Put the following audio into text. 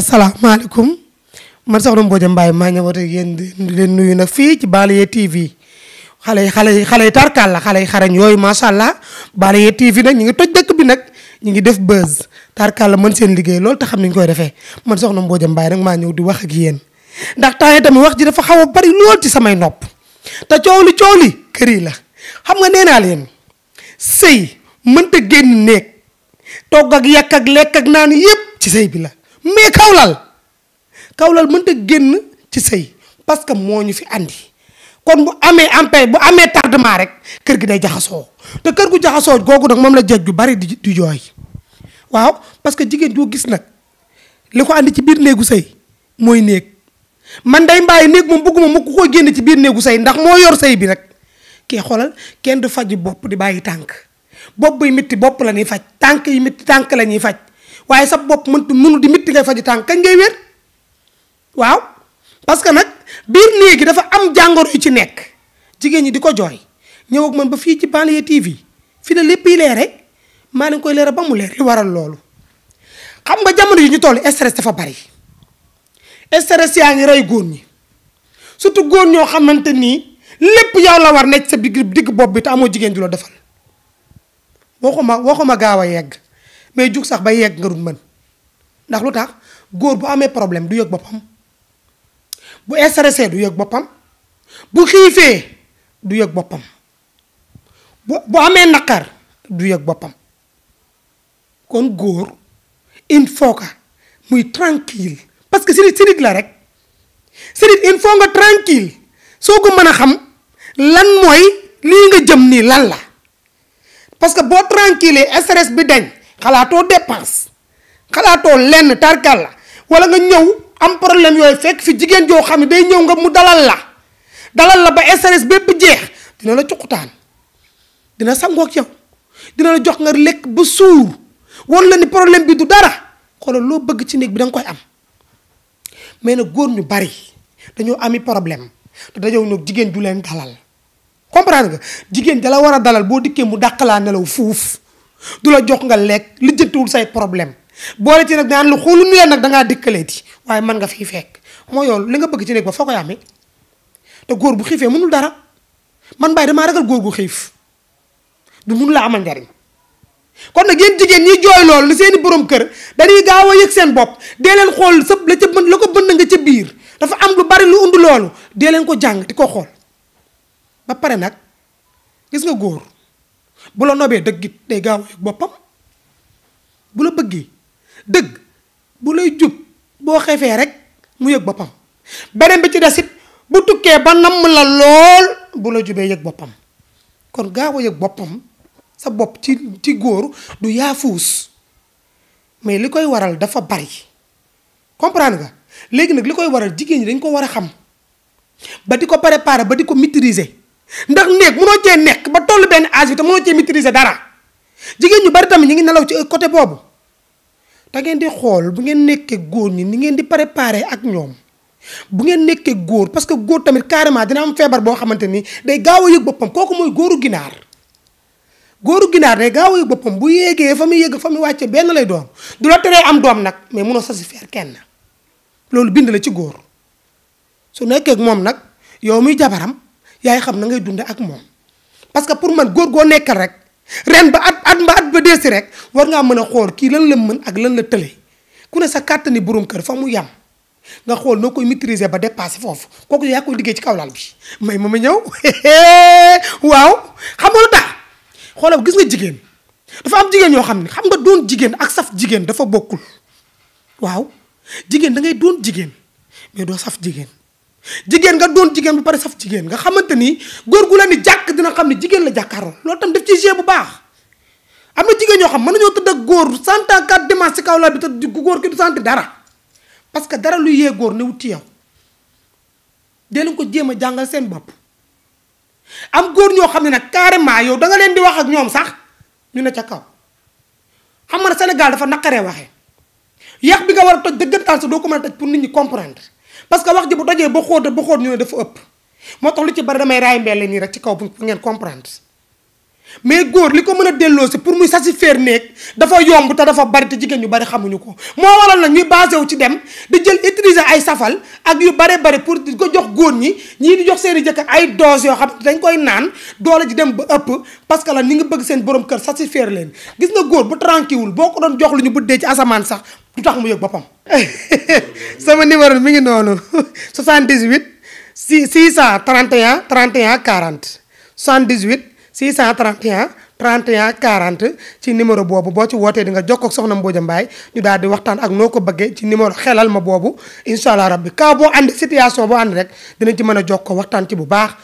asalaamaaleykum man soxna Mbodia mbaay maa ñëwaat ak yéen di leen nuyu nag fii ci Balaye TV xale yi xale yi xale yi tarkaal la xale yi xarañ yooyu macha allah Balaye TV nag ñi ngi toj dëkk bi nag ñu ngi def buzz tarkaal la mën seen liggéey loolu te xam ni ñu koy defee man soxna Mbodia Mbaye nag maa ñëw di wax ak yéen ndax temps yi tamit wax ji dafa xaw a bari lool ci samay nopp te coow li coow li kër yi la xam nga nee naa leen sëy mënta génn néeg togg ak yàq ak lekk ak ci sëy la. mais kawlal kawlal mënta génn ci sëy parce que moo ñu fi andi kon bu amee ampé bu amee tardement rek kër gi day jaxasoo te kër gu jaxasoo googu nag moom la jeeg ju bari di di jooy waaw parce que jigéen joo gis nag li ko andi ci biir néegu sëy mooy néeg man day mbaay néeg moom bëgguma mu ko koy génn ci biir néegu sëy ndax moo yor sëy bi rek kee xoolal kenn du faj bopp di bàyyi tànk bopp buy métti bopp la ñuy faj tànk yi métti tànk la ñuy faj waaye sa bopp mëntu mënu di mitti ngay faji tànk kañ ngay wér waaw parce que nag biir néegi dafa am jàngoro yu ci nekk jigéen ñi di ko jooy ñëw ak man ba fii ci banlieue TV fii la lépp yi leere maa leen koy leere ba mu leer li waral loolu xam nga jamono yu ñu toll stress dafa bari stress yaa ngi rey góor ñi surtout góor ñoo xamante nii lépp yow la war nekk sa digg digg bopp bi te amoo jigéen ju la defal waxuma ma gaaw a yegg mais jug sax ba yegg nga dul mën ndax lu tax góor bu amee problème du yëg boppam bu stressé du yëg boppam bu xiifee du yëg boppam bu bu amee naqar du yëg boppam kon góor il faut que muy tranquille parce que sirit sirit la rek sirit il faut nga tranquille soo ko mën a xam lan mooy lii nga jëm nii lan la parce que boo tranquille stress bi dañ xalaatoo dépense xalaatoo lenn tarkal la wala nga ñëw am problème yooyu fekk fi jigéen joo xam ne day ñëw nga mu dalal la dalal la ba stress bépp jeex dina la cuqutaan dina sangoog yow dina la jox nga lekk ba suur won la ni problème bi du dara xoolal loo bëgg ci néeg bi danga koy am mais na góor ñu bari dañoo ami problème te dañoo ñëw jigéen ju leen dalal comprendre nga jigéen la war a dalal boo dikkee mu dàq laa nelaw fuuf du la jox nga lekk li jëntuwul say problème boole ci nag daan lu xoolu nuyee nag dangaa dikkaleeti waaye mën nga fiy fekk moo yoon li nga bëgg ci néeg ba foo koy amee te góor bu xiifee mënul dara man bàyyi damaa góor gu xiif du mun laa amal njariñ kon nag yéen jigéen ñi jooy loolu li seeni borom kër dañuy gaaw a yëg seen bopp dee leen xool sëb la ca bën la ko bënn nga ca biir dafa am lu bari lu undu loolu dee leen ko jàng di ko xool ba pare nag gis nga góor bu la nobee dëgg it day gaaw ak boppam bu la bëggee dëgg bu lay jub boo xefee rek mu yëg boppam beneen bi ci des it bu tukkee ba namm la lool bu la jubee yëg boppam kon gaaw a yëg boppam sa bopp ci ci góor du yaafuus mais li koy waral dafa bari comprendre nga léegi nag li koy waral jigéen ñi dañ ko war a xam ba di ko préparer ba di ko maîtriser ndax néeg mënoo cee nekk ba toll benn âge bi te mënoo cee maîtriser dara jigéen ñu bari tamit ñu ngi nelaw ci côté boobu te ngeen di xool bu ngeen nekkee góor ñi ni ngeen di préparer ak ñoom bu ngeen nekkee góor parce que góor tamit carrément dina am feebar boo xamante ni day gaaw a yëg boppam kooku mooy góoru ginaar góoru ginaar day gaaw a yëg boppam bu yéegee fa muy yéeg fa muy wàcce benn lay doom du la teree am doom nag mais mënoo satisfaire kenn loolu bind la ci góor su nekkee moom nag yow muy jabaram. yaay xam na ngay dunde ak moom parce que pour man góor goo nekkal rek ren ba at at ba at ba deesi rek war ngaa mën a xool kii lan la mën ak lan la tële ku ne sa kàttani borom kër fa mu yam nga xool noo koy maîtriser ba dépassé foofu kooku yaa koy liggéey ci kawlaal bi may ma ma ñëw waaw xam nga lu tax xoolal gis nga jigéen dafa am jigéen ñoo xam ne xam nga doon jigéen ak saf jigéen dafa bokkul waaw jigéen da ngay doon jigéen mais doo saf jigéen jigéen nga doon jigéen bu pare saf jigéen nga xamante ni góor gu la ni jàkk dina xam ni jigéen la jàkkaaroo loolu tam def ci g bu baax am na jigéen ñoo xam mën nañoo tëdd ak góor sant ak quatre dimanche ci kaw lal bi tëdd gu góor ki du sant dara parce que dara lu yee góor ne wut ci yow dee leen ko jéem a jàngal seen bopp am góor ñoo xam ne nag carrément yow da nga leen di wax ak ñoom sax ñu ne ca kaw xam nga senegal dafa naqaree waxee yàq bi nga war a toj dëggantaan sa doo ko mën a pour nit ñi comprendre parce que wax ji bu dajee ba xóot ba xóot ñu dafa ëpp moo tax lu ci bari damay raay mbelle nii rek ci kaw bu ngeen comprendre mais góor li ko mën a delloo si pour muy satisfaire néeg dafa yomb te dafa bari te jigéen ñu bari xamuñu ko moo waral nag ñuy basé wu ci dem di jël utiliser ay safal ak yu bare bari pour di ko jox góor ñi ñii di jox seen i jëkkër ay doses yoo xam ne dañ koy naan doole ji dem ba ëpp parce que la ni nga bëgg seen borom kër satisfaire leen gis nga góor bu tranquille boo ko doon jox lu ñu buddee ci asamaan sax du tax mu yëg boppam. sama numéro mi ngi noonu 78 6 631 31 40 78 631 31 40 ci numéro boobu boo ci wootee di nga jokkoo ak soxna Mbodia Mbaye ñu daal di waxtaan ak noo ko bëggee ci numéro xelal ma boobu incha allah rabbi kaw boo ànd situation boo ànd rek dinañ ci mën a jokkoo waxtaan ci bu baax